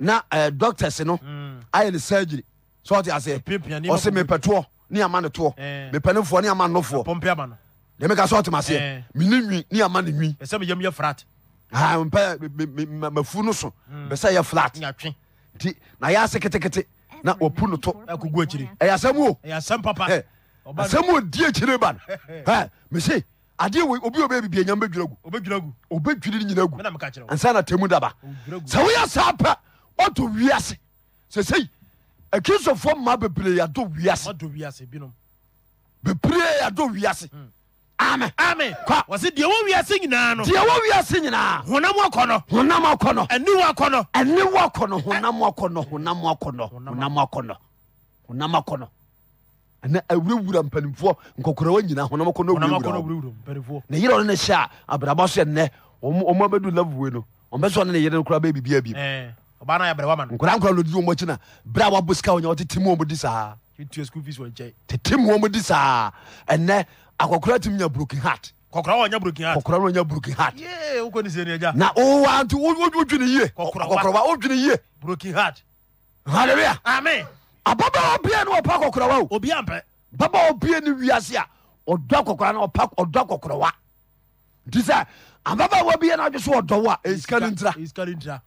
na eh, doctors no hmm. ayɛ ne surgery sɛ ɔte aseɛ ɔse mepɛtoɔ ne ama ne toɔ mepɛnefoɔ ne ama nnofoɔ deɛ meka sɛ ɔtem aseɛ mene nwi ne ama ne nwi mafu ah, no so bɛ sɛ yɛ flat nti na yɛ ase ketekete na wapu no to ɛyɛ asɛm o asɛm eh, o di akyire ban. no eh, mese adeɛ obi obɛ bibia nyam bɛdwira gu obɛdwiri no nyina gu ansa na temu daba sɛ woyɛ saa pɛ ɔtɔ wiase sɛsei akristofoɔ ma bebree adɔ wiase bebree do wiase mm. amen amen kɔ wɔsi deɛ wɔ wiase nyinaa no deɛ wɔ wiase nyinaa honam akɔ no honam akɔ no ɛniwa akɔ no ɛniwa akɔ no honam akɔ no honam akɔ no honam akɔ no honam akɔ no ɛna awurawura mpanimfoɔ nkɔkorawa nyina honam kɔ ne yerɛ ɔne ne hyɛ a abrabɔ so ɛnnɛ ɔma bɛdu lavwe no ɔmbɛ sɛ ɔne ne yere no kora bɛbibia bi nkora nkora lɔdi wɔm akyi na berɛ a wabɔ sika ɔnya wɔtete mu ɔmdi saa tete mu ɔmdi saa ɛnɛ akɔkora tumi nya broken heart kɔkora nya broken heart kɔkora nya broken heart na owa nti wodwene yie kɔkɔrɔba wodwene yie broken heart hallelujah amen Ababa bia no ɔpa kɔkorɔwa o obi ampɛ babaawa bia no wiase a ɔdɔ akɔkorɔwa na ɔpa ɔdɔ akɔkorɔwa nti sɛ ababaawa bia no adwo ɔdɔ wo a esika no ntira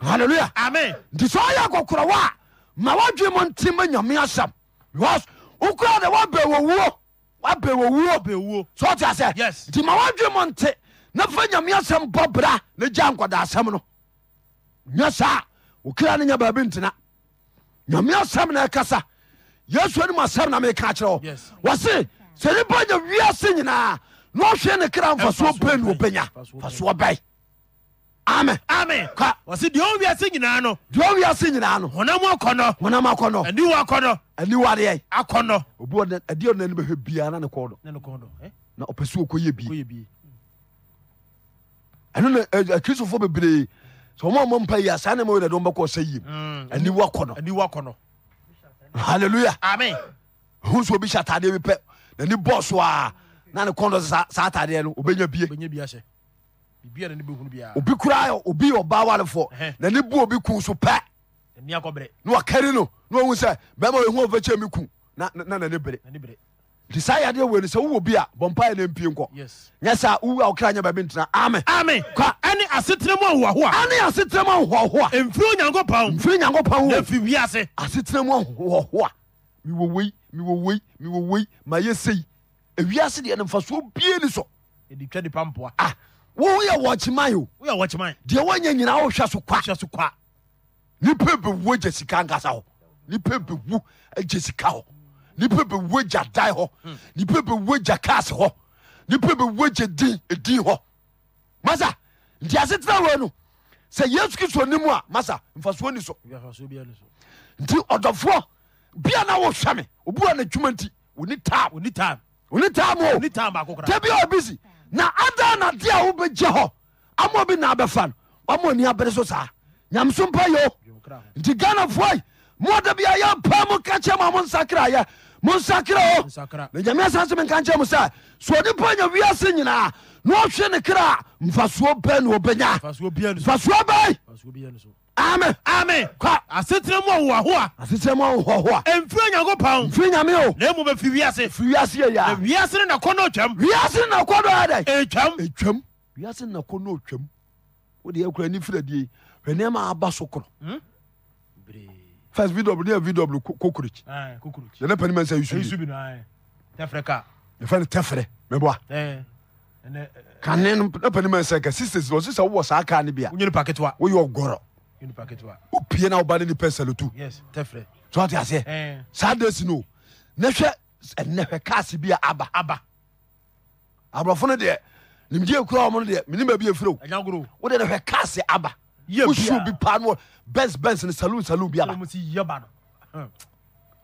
hallelujah amen nti sɛ ɔyɛ akɔkorɔwa a ma wadwe mo nte ma nyame asɛm because wokura de wabɛ wɔwuo wabɛ wɔwuo so ɔte asɛ nti ma wadwe mo nte na fa nyame asɛm bɔ bra na gya nkɔda asɛm no nyɛ saa wokira no nya baabi ntena nyame asɛm na ɛkasa yesu anim asɛm na meka kyerɛ wɔ se sɛ nipa nya wiase nyinaa na ɔhwɛ ne kra mfasoɔ pɛ ne ɔbɛnya fasoɔ bɛe amen amen ka wɔsi deɛ ɔn wiase nyinaa no deɛ ɔn wiase nyinaa no honam akɔnɔ honam akɔnɔ aniwa akɔnɔ aniwa deɛ akɔnɔ obi wɔ ɛdeɛ ɔn n'anim bɛhwɛ biara na ne kɔn do na ne kɔn do na ɔpɛ yɛ bie ɛno na akirisofoɔ bebree so ɔmo a ɔmo mpa yi a saa na ɛma wɔyɛ dɛ ɔmo bɛkɔ ɔsɛ yie aniwa mm. kɔ no aniwa kɔ no hallelujah amen ohun so obi hyɛ ataadeɛ bi pɛ na ni bɔs wa na ne kɔn dɔ sa saa ataadeɛ no obenya bie obenya bie ahyɛ bibi a na ne bɛ hunu biara obi kura obi ɔbaa wale fɔ na ne bu obi kun so pɛ ni akɔbere na wakari no na ohun sɛ bɛrima ohun a ɔfɛ mi kun na na na ne bere na ne nti saa yadeɛ wei no sɛ wowɔ bi a bɔmpa yɛ no mpie nkɔ nyɛ sɛ wowu a wokra nyɛ baabi ntena ame ame ka ɛne asetena mu ahoahoa ane asetena mu ahoahoa mfiri onyankopɔn mfiri nyankopɔn wo fi wiase asetena mu ahoahoa mewɔ wei mewɔ Ma mewɔ wei mayɛ sei ewiase deɛ no mfasoɔ bie ni so ɛditwa nipa mpoa ah wo yɛ wɔkyeman o woyɛ wɔkyeman deɛ woanyɛ nyinaa wohwɛ so kwa hwɛ so kwa nipa bɛwu agya sika ankasa hɔ nipa bɛwu agya sika hɔ nipa bɛwɔ gya dan hɔ hmm. nipa bɛwɔ gya cars hɔ nipa bɛwɔ gya din edin hɔ masa nti ase tena wɔ no sɛ yesu kristo ni mu a masa nfasoɔ ni so nti ɔdɔfoɔ bia na wɔhwɛ me obua na adwuma nti oni taam oni taam oni taam o oni taam baako kora dabi a obi na ada na adi a wobɛgye hɔ ama obi na abɛfa no amu ni abere so saa nyamso mpa yɛ o nti ghanafoɔ yi mo ɔdabi a yɛ mpa mu kakyɛ ma mo nsakra yɛ monsakra o nyame sa se menka nkyɛ mu sɛ sɛ onipa nya wiase nyinaa na ɔhwe ne kra mfasuo bɛ na ɔbɛnya mfasuo bɛi amen asetena mu awoahoa asetena mu awohoahoa ɛmfiri onyankopɔn mfiri nyame o na mu bɛfiri wiase firi wiase yɛ yaa wiase ne nakɔ no otwam wiase ne nakɔ no adɛ ɛtwam ɛtwam wiase ne nakɔ no otwam wode yɛkura ni firadie hwɛ nneɛma aba so korɔ hmm? first vw ne yɛ vw cockroach eh, yɛne pani ma sɛ yusubi yɛfɛ no tɛfrɛ Meboa. kane no ne pani ka sisters ɔse sɛ wowɔ saa kaa no bia woyɛ ɔgɔrɔ wopie na woba ne nipa salotu so ate aseɛ saa da si no na hwɛ ɛnɛ hwɛ kaase bi a aba aborɔfo no deɛ nimdeɛ kura wɔ mo no deɛ menim baabi ɛfirɛ wo wode ne hwɛ kaase aba wosuo bi paa no bens bens no saloon saloon bi aba hmm.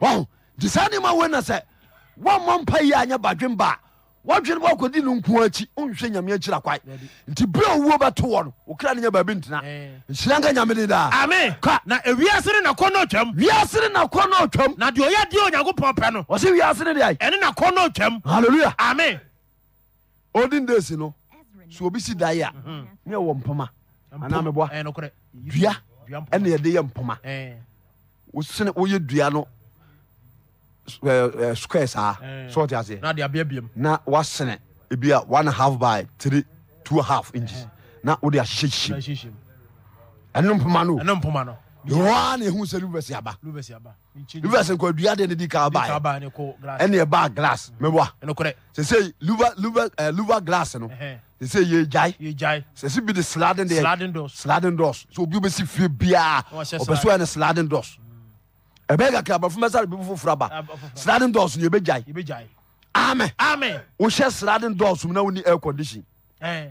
wow nti saa nneɛma wei na sɛ woammɔ mpa yi anyɛ badwen ba a woadwene woakɔdi no nko akyi wonhwɛ nyame akyira kwae nti berɛ owuo bɛto wɔ no wokra ne nya baabi ntena eh. nhyira nka nyame de daa ame ka na ewiase ne nakɔ no atwam wiase ne nakɔ no atwam na deɛ ɔyɛ deɛ onyankopɔn pɛ no ɔse wiase ne deɛ ɛne nakɔ no atwam halleluya ame olden days no sɛ obi si daeɛ a mhm. ne ɛwɔ mpama anaa meboa eh, dua ɛne yɛde yɛ mpoma eh. wosene woyɛ dua no eh, square saa sɔɔte aseɛ na wasene ebia one half by three two half inches na wode ahyehyɛ hyim ɛno mpoma no yòówá na ehun sẹ lubẹsi aba lubẹsi nkọ dua de ne di ka aba yẹ ẹni ẹ ba glass mẹwa mm. sese luba luba ẹ eh, luba glass no sese yẹ jai sese bi de sliding de sladen doors so obi bẹ si fie bia ọbẹ so yẹ sladen sliding doors ẹbẹ kakra abafun bẹsẹ ẹbi foforọ aba sliding doors yẹ bẹ jai amen o ṣe sliding doors mu na o ni air condition. Eh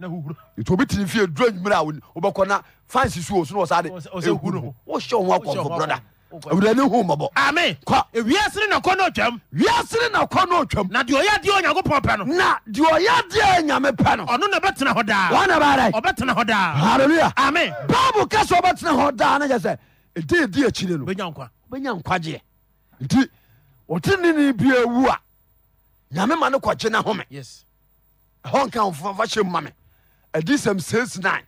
nti obi tiri fie duro nwumire a wobɛkɔ na fansi so osu na ɔsa de ehuru wohyɛ wɔn akɔnfo broda awurani hu mɔbɔ. ami kɔ ewiase ni nakɔ n'o twɛm. wiase ni nakɔ n'o twɛm. na deɛ ɔyɛ adeɛ ɔnyanko pɔn pɛ no. na deɛ ɔyɛ adeɛ nyame pɛ no. ɔno na bɛ tena hɔ daa. wɔn na b'a dɛ. ɔbɛ tena hɔ daa. hallelujah. ami. baabu kɛse ɔbɛ tena hɔ daa ne yɛsɛ edi edi akyire no. bɛnya nkwa. bɛnya nkwagyeɛ nti ɔti ni ni bi ewu a nyame ma ne kɔ kye na home. yes. ɛhɔ nkan fa fa hyɛ mu ma mi nine. adisɛm 69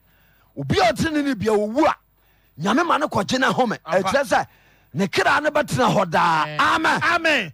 obia ɔtene no bia ɔwu a nyame ma no kɔgye no home ɛkyerɛ sɛ ne kra no bɛtena hɔ daa amen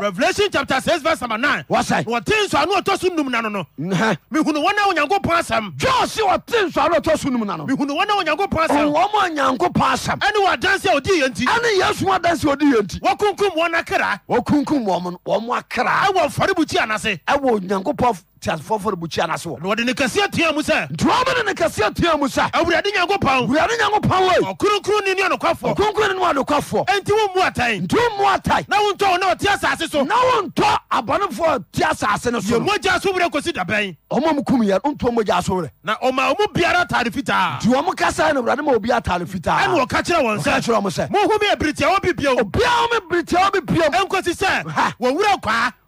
revelation chapter 6 verse number 9 wɔsɛ wɔte nsɔa no ɔtɔ so num na no no mehunu wɔn a onyankopɔn asɛm john se wɔte nsɔa no ɔtɔ so num na no mehunu wɔn a onyankopɔn asɛm wɔm onyankopɔn asɛm ɛne wɔ adanse a ɔdii yɛ nti ɛne yɛsom adanse a ɔdii yɛ nti wɔkunkum wɔn akra wɔkunkum wɔm wɔm akra ɛwɔ ɔfarebukyi anase ɛwɔ onyankopɔn teasefoɔfo no bukyia no ase wɔ na wɔde ne kɛseɛ tia mu sɛ nti wɔmene ne kɛseɛ tia mu sɛ awurade nyankopɔn awurade nyankopɔn ɔkronkro ni ni ne ɔnokwafoɔ enti wommu atae nti wommu atae na wontɔ wo na ɔte asase so na wontɔ abɔnefoɔ te no so yɛmɔgya so werɛ kɔsi dabɛn ɔma mu kum yɛ wontɔ mogya so werɛ na ɔma ɔmu biara atare fitaa nti wɔm kasa no awurade ma obi atare fitaa ɛne ɔka kyerɛ wɔn sɛ kyerɛ m sɛ mohome abiritiawɔ bi bio obiaa me biritiawɔ bi bio ɛnkɔsi sɛ wɔwura kwaa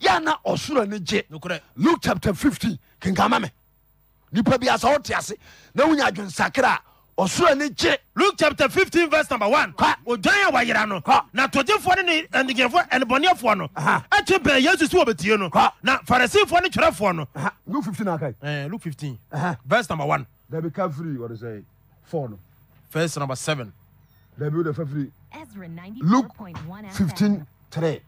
Yana ɔsoro no gye luke chapter fifteen. kenkama me nipa bia sɛ wote ase na wonya adwensakra a ɔsoro no gye luke chapter fifteen verse number 1 odwan a wɔyera no na togyefoɔ no ne anigyefoɔ ɛnebɔneɛfoɔ no akye bɛn yesu so wɔbɛtie no na farisifoɔ no twerɛfoɔ no luke 15 aka luke fifteen. Eh, verse number 1 dabi ka firi wɔde sɛ 4 no verse number 7 dabi wode fa firi luke fifteen 3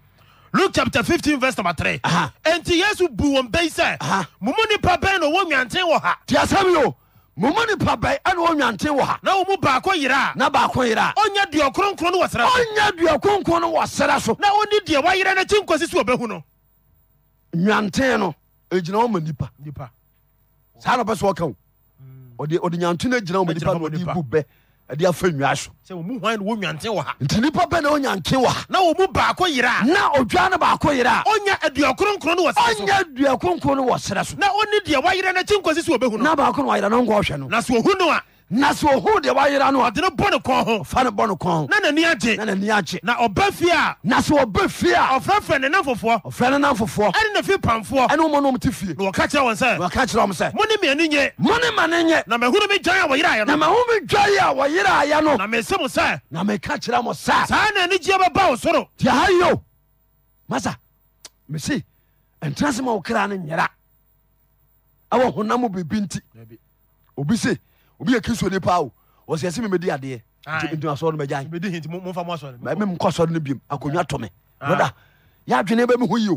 luke chapter fifteen verse number three. enti yesu bu wɔn bɛyi sɛ mumu nipa bɛn na owó nyanten wɔ ha. tí a sẹ́mi o mumu nipa bɛn ɛna owó nyanten wɔ ha. na wɔn mu baako yira. na baako yira. ɔnyɛ deɛ ɔkronkron wɔ sira so. ɔnyɛ deɛ ɔkronkron wɔ sira so. na ɔni deɛ wayira n'akyi nkosi so ɔbɛhu no. nyanten no egyina wɔn ma nipa. nipa. saa na ɔbɛ so ɔka o. Hmm. ɔde nyanten egyina wɔn ma nipa na ɔde ibu bɛɛ ɛde afa nnwa so sɛ wɔmu hwan no wɔ nwanten wɔ ha nti nipa bɛ na onya nke wɔ ha na wɔ mu baako yira. a na odwa no baako yera a ɔnya aduakronkron no wɔ serɛ so ɔnya aduakronkron no wɔ serɛ so na ɔne deɛ wayerɛ no akyi nkɔsi sɛ wɔbɛhu no na baako no wayerɛ no nkɔ ɔhwɛ no na sɛ ɔhu no a na sɛ ohu deɛ wayera no ɔde bɔ ne kɔn ho fa no bɔ no kɔn ho na n'ani agye na n'ani agye na ɔba fie a na sɛ ɔba fie a ɔfrɛfrɛ ne nam fofoɔ ɔfrɛ ne nam fofoɔ ɛne na fie pamfoɔ ɛne wɔn nom te fie na wɔka kyerɛ wɔn sɛ wɔka kyerɛ wɔn sɛ mo ne mmienu nye mo ne ma ne nye na mahunu mi dwan a wɔyeraayɛ no na mahunu mi dwan a wɔyeraayɛ no na mese mo sɛ na meka kyerɛ mo sɛ saa na ani gyeɛ bɛba wo o masa mese ntrase ma wo kra no nyera ɛwɔ honam obi yɛ kristo nipa o ɔsi ɛsi mi mi di adeɛ nti mi dun asɔrɔ no mɛ gya yi mɛ mi nkɔ asɔrɔ no bi mu akonnwa tɔ mi lɔda yɛ adwene bɛ mi hu yi o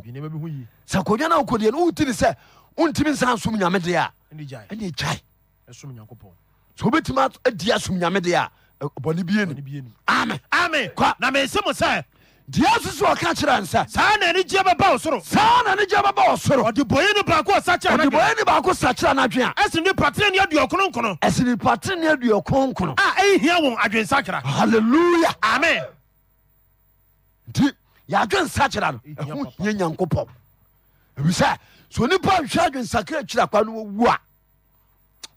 sɛ akonnwa náà kɔ deɛ no wotiri sɛ wontimi nsan som nyame deɛ a ɛne gyae sɛ wobɛtumi adi asom nyame deɛ a bɔne bie ni amen na mese mo sɛ deɛ susu ɔka kyerɛ n sɛ saa na ne gyeɛ bɛba wo soro saa na ne gyeɛ bɛba wo soro ɔde boye ne baako ɔsakyerɛ ɔde boye ne baako sakyerɛ no adwen a ɛsene nipa tere ne aduɔkono nkono ɛsene nipa tere ne aduɔkono nkono a ɛhia wɔn adwensakyera halleluya amen nti yɛadwen sakyera no ɛho hia nyankopɔn ebisɛ so nipa nhwɛ adwensakra kyira kwa no wɔwu a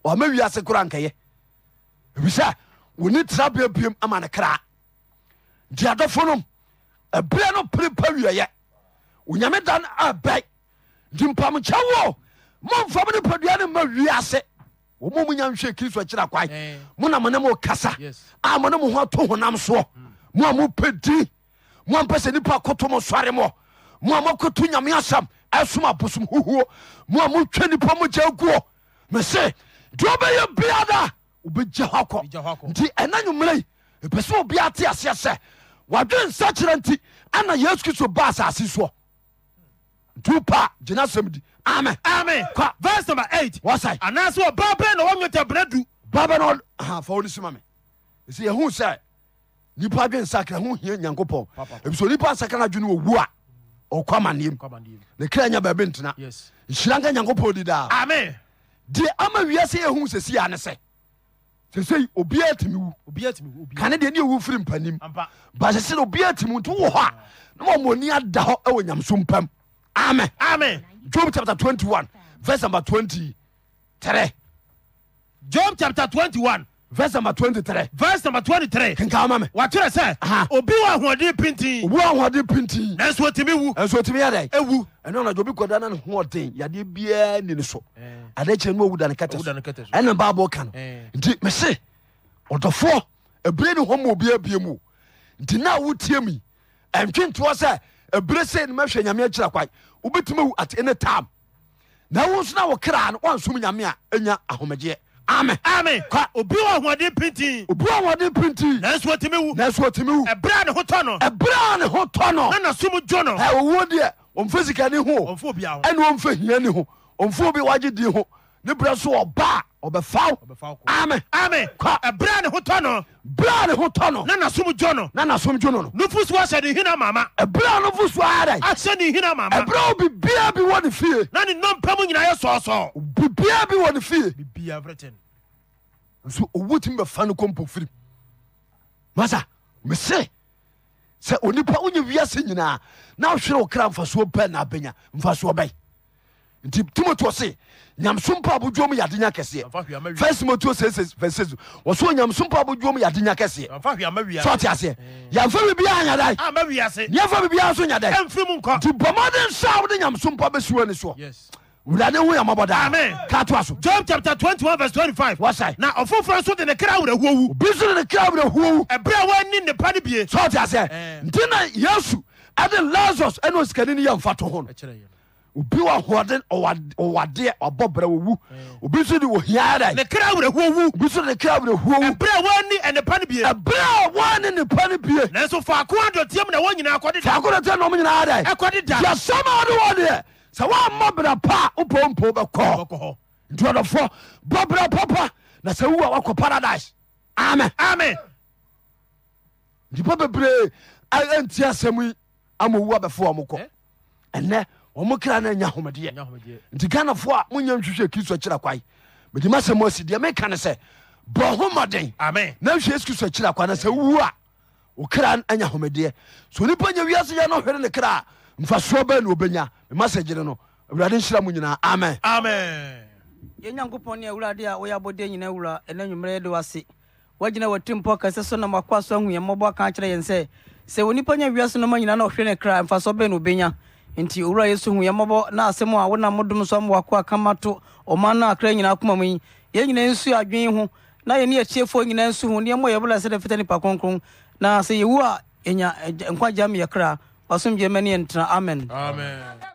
ɔma wiase kora nkɛyɛ ebisɛ wo ne tra biabiem ɛberɛ no pere pa wieyɛ onyame da no abɛi nti mpamkyɛ momfa mo ne padua no ma wie ase wɔmɔ mu nya nhwɛ kristo akyira kwae eh. mo na mo kasa a mo ne mo ho ato honam soɔ mo a mopɛ din mo a mpɛ sɛ nnipa koto mo sɔre mɔ mo a mokoto nyame asɛm ɛsom abosom huhuo mo a motwa nnipa mo gya guɔ me se deɛ ɔbɛyɛ biada wobɛgya hɔ akɔ nti ɛna nwummerɛ ɛpɛ sɛ obia te aseɛ sɛ wadwe nsakyerɛ nti ana yesu kristo ba asase soɔ nti pa gyina sɛm di amen anaasɛ na du na sima sɛ nipa dwe nsakra ho hia nyankopɔn ebiso nipa nsakra no adwene wɔwu a ɔkɔ amanneɛm ne kra nya baabi ntena nhyira nka nyankopɔn di daa deɛ ama wiase ehu sɛ si sɛ sɛsei obia timi wukane deɛ ne ɛwu firi mpanim ba sɛ sɛ obia timi nti wowɔ hɔ a na mamɔni ada hɔ ɛwɔ nyameso mpam amen job chapter 21 verse number 23 job chapter 21 verse number twenty three. verse number twenty three. kankan ama mi. wàtúrẹ sẹ. obi wa ahoɔden pinti. obi wa ahoɔden pinti. nẹsùn otimi wu. nẹsùn otimi yàda yi. ewu. ɛnu ọ̀nà jòbí kọ̀dá náà ni hoɔden yadeɛ biara nini so. adé kyɛn ní owu dani kẹtẹ so ɛnna báàbò kan. nti mẹsì ɔdɔfo ebire ni hɔn mu obi ebie mu nti náà wò tiẹ̀ mi ɛntwi ntoɔ sɛ ebire sɛ ɛnu mɛhwɛ nyame akyerɛ kwa wobɛtumi wu at any time na ɛwọ nso náà wɔ kra no wɔn nsum nyame a ɛnya ahomegyeɛ amen. amen. kọ obi wọ ọhọden pinti. obi wọ ọhọden pinti. nẹẹsùn otimi wu. nẹẹsùn otimi wu. ẹbẹrẹ ni ho tọ nọ. ni ho tọ nana sumu jo nọ. ẹ owó diẹ ònfẹ sikani ho. ònfẹ obi aho. ẹni ònfẹ hiẹ ni ho ònfẹ obi wájú di ho níbi rẹ so ọba ɔbɛfaw amen amen kɔ ɛbrɛ ne ho tɔ no brɛ ne ho tɔ no na nasom dwo no na nasom dwo no no nufusuo ahyɛ ne hina mama ɛbrɛ a nufusuo ayɛ dɛ ahyɛ ne hina mama ɛbrɛ a bibia bi wɔ ne fie na ne nnompa mu nyinaa yɛ sɔɔsɔɔ bibia bi wɔ ne fie bibia everything nso owó tí mi bɛ fa ne kɔ mpɔ firi masa mese sɛ onipa wonyɛ wiase nyinaa na wohwerɛ wo kra mfasoɔ pɛ na abɛnya mfasoɔ bɛyi nti timoteo se nyamso mpa bodwom yɛ adenya kɛseɛ first timoteo sss wɔso nyamso mpa bodwom yɛ adenya kɛseɛ so ɔte aseɛ yɛmfa biribiaa nyadae ah, neɛmfa biribiaa so nyadae nti bɔmɔde nsa wode nyamso mpa bɛsiwa ni soɔ wurade ho yamabɔ daa ka toa so john chapter 21 verse 25 wasae na ɔfoforɔ nso de ne kra awerɛhoɔ wu obi so de ne kra awerɛhoɔ wu ɛberɛ a woani nnepa no bie so ɔte aseɛ nti na yesu ɛde lazarus ɛne osikani no yɛ mfa to ho no obi wɔ ahoɔden ɔwadeɛ ɔbɔ brɛ wɔwu mm. obi nso de wɔhia dɛ ne kra werɛhoɔ wu obi nso de ne kra werɛhoɔ wu ɛberɛ a wɔani ɛnepa no bie ɛberɛ a wɔani nepa no bie nanso faako adɔteam na wɔn nyinaa kɔde faako adɔteam na wɔn nyinaa dɛ ɛkɔde da yɛsɛm a wɔde wɔ deɛ sɛ wɔammɔ brɛ pa a wopompo bɛkɔ nti ɔdɔfoɔ bɔ brɛ papa na sɛ wu a wɔkɔ paradise amen amen nnipa bebree anti asɛm yi ama wu abɛfo wɔ mo kɔ eh? ɛnɛ ɔmo kra no anya homedeɛ nti ghanafoɔ a monya nhwehwɛ kristo kyerɛ kwa mede masɛ mo asi deɛ meka ne sɛ bɔ homɔden na hwɛ yesu kristo kyerɛ kwa na sɛ wu a wo kra anya homedeɛ so onipa nya wiase yɛ no hwere ne kra a mfasoɔ bɛɛ na obɛnya memasɛ gyere no awurade nhyira mu nyinaa amen yɛ nyankopɔn ne awurade a woyɛ abɔdeɛ nyina wura ɛna nwummerɛ yɛde wase woagyina watimpɔ kɛsɛ so nam akɔa so ahu yɛn mmɔbɔ aka kyerɛ yɛn sɛ sɛ onipa nya wiase noma nyina na ɔhwɛ ne kra mfasoɔ bɛɛ na obɛnya nti owura yesu hu yɛmmɔbɔ na asɛm a wonam modom so amowakoa kama to ɔman no akra nyinaa koma mu yi yɛn nyina nsu adwene ho na yɛne akyiefoɔ nyinaa nsu ho nneɛma yɛbɛla sɛ dɛ fita nipa kronkron na sɛ yɛwu a ɛnya nkwagya meyɛ kra wasomgyamani yɛntena amen.